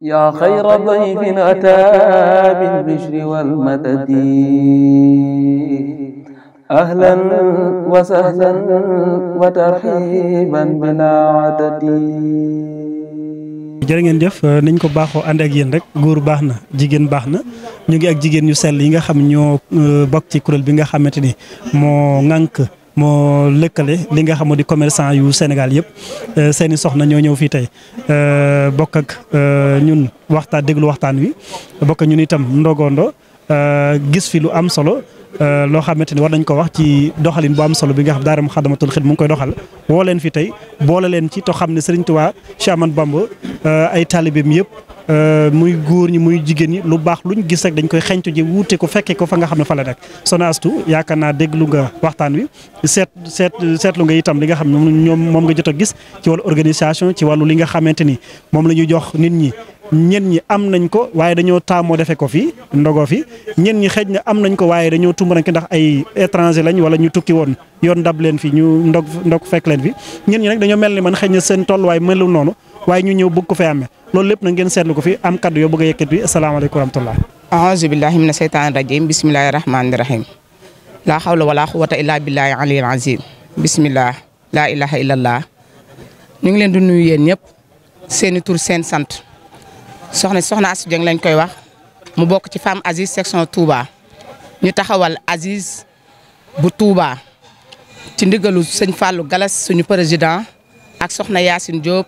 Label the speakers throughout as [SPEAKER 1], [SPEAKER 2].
[SPEAKER 1] yaa xayra dayfin ataa bil bishri wal madadi ahlan wa sahlan wa tarxiiban bilaa adadi
[SPEAKER 2] jërë ngeen jëf euh, nañ ko baaxoo ànd ak yéen rek góor baax na jigéen baax na ñu ngi ak jigéen ñu sell yi nga xam ñoo euh, bokk ci kuréel bi nga xamante ni moo ŋànk moo lëkkale li nga xam moo di commerçant yu Sénégal yëpp euh, seeni soxna ñoo ñëw fii tey euh, bokk ak euh, ñun waxtaan déglu waxtaan wi bokk ñun itam ndogondo gis fi lu am solo. loo xamante ni war nañ ko wax ci doxalin bu am solo bi nga xam daara mu xadamatul xit mu ngi koy doxal woo leen fi tey boole leen ci te xam ne Serigne Touba Cheikh Ahmadou ay taalibeem yëpp Euh, muy góor ñi muy jigéen ñi lu baax luñ gis rek dañ koy xeñtu ji wute ko fekkee ko fa nga xam ne fa la nekk Soxna Astu yaakaar naa déglu nga waxtaan wi seet seet seetlu nga itam li nga xam ne ñoom moom nga jot a gis ci wàllu organisation ci wàllu li nga xamante ni moom la ñuy jox nit ñi ñen ñi am nañ ko waaye dañoo taamoo defee ko fii ndogoo fi ñen ñi xëj na am nañ ko waaye dañoo tumbaranke ndax ay étranger lañ wala ñu tukki woon yoon dab leen fi ñu ndog ndog fekk leen fi ñen ñi nag dañoo mel ni man xëj na seen tolluwaay melu noonu waaye ñu ñëw bëgg ko fee loolu lépp na ngeen
[SPEAKER 3] seetlu ko fi am kaddu yoo bëgg a yëkkat bi asalaamaaleykum wa rahmatullah aouzu billahi mina seytaani rajim bismillahi rahmaani rahim laa xawla wala quwata illaa billahi aliyil azim bismillah laa ilaha illallah ñu ngi leen di nuyu yéen ñëpp seeni i tur seen sant soxna soxna Astou Dieng lañ koy wax mu bokk ci femme Aziz section Touba ñu taxawal Aziz bu Touba ci ndigalu sëñ Fallou Galas suñu président ak soxna Yacine Diop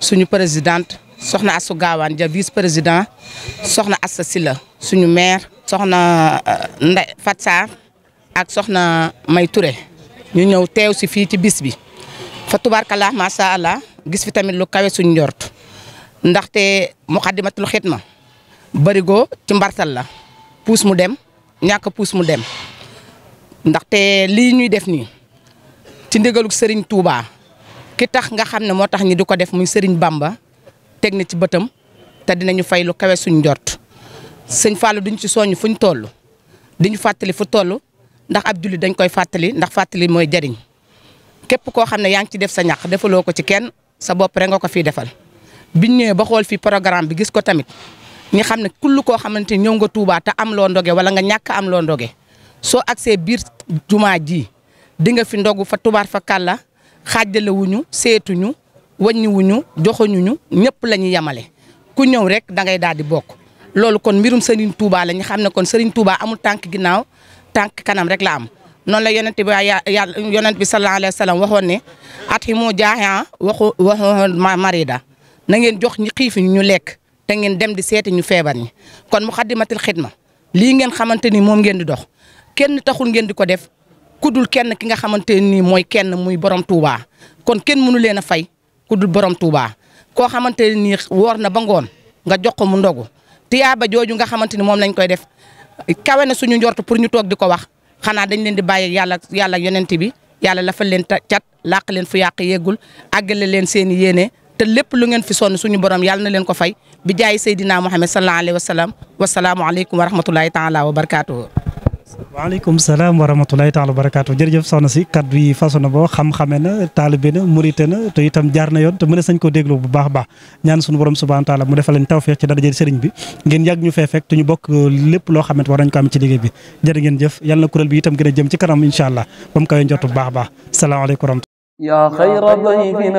[SPEAKER 3] suñu présidente soxna Assou Gawane ja vice président soxna Assa Silla suñu maire soxna euh, Ndeye Fat ak soxna May Touré ñu ñëw teew si fii ci bis bi fa tubaarkalla macha allah gis fi tamit lu kawe suñu njort ndaxte mu Muxaddamatul ma Barigo ci mbartal la puus mu dem ñàkk puus mu dem ndaxte lii ñuy def nii ci ndigalu Serigne Touba. ki tax nga xam ne moo tax ñi di ko def muy Serigne Bamba teg na ci bëtam te dina ñu fay lu kawe suñ njort sëñ Fallou duñ ci soññ fuñ toll diñu fàttali fu toll ndax ab julli dañ koy fàttali ndax fàttali mooy jariñ képp koo xam ne yaa ngi ci def sa ñax defaloo ko ci kenn sa bopp rek nga ko fi defal bi ñëwee ba xool fii programme bi gis ko tamit ñu xam ne kull koo xamante ni ñëw nga Touba am loo ndoge wala nga ñàkk am loo ndoge soo agsee biir jumaa ji dinga fi ndogu fa tubaar fa xaajalewuñu seetuñu wàññiwuñu ñu ñëpp la ñu yemale ku ñëw rek da ngay daal di bokk. loolu kon mbirum Serigne Touba la ñu xam ne kon Serigne Touba amul tànk ginnaaw tànk kanam rek la am noonu la yonent bi yàlla yonent bi sallallahu alayhi waxoon ne at yi moo jaaxee waxu waxu marida na ngeen jox ñi xiif ñu lekk te ngeen dem di seeti ñu feebar ñi kon Moukhaddamatoul Khidma lii ngeen xamante ni moom ngeen di dox kenn taxul ngeen di ko def kudul kenn ki nga xamante nii mooy kenn muy borom Touba kon kenn munu leen a fay kudul borom Touba koo xamante nii woor na ba ngoon nga jox ko mu ndogu tiyaaba jooju nga xamante ni moom lañ koy def kawe na suñu njort pour ñu toog di ko wax xanaa dañ leen di bàyyi yàlla yàlla yonent bi yàlla lafal leen cat làq leen fu yàq yeggul àggale leen seen i yéene te lépp lu ngeen fi sonn suñu borom yàlla na leen ko fay bi jaay Seydina Muhammad sallallahu alayhi wa sallam wasalaamualeykum wa rahmatullahi taala wa barakaatuhu
[SPEAKER 2] waaleykum salaam wa rahmatulahi taala wa barakaatu jërëjëf soxna si kaddu yi façon na boo xam-xame na taalibe na murite na te itam jaar na yoon te mën a sañ koo déglu bu baax a baax ñaan suñu borom subhanahu taala mu defal leen tawfeex ci daraje sëriñ bi ngeen yàgg ñu uh, jëf yàlla na kuréel bi itam gën a jëm ci kanam incha allah ba kawee njott bu baax a baax salaamaaleykum wa
[SPEAKER 1] rahmatulahi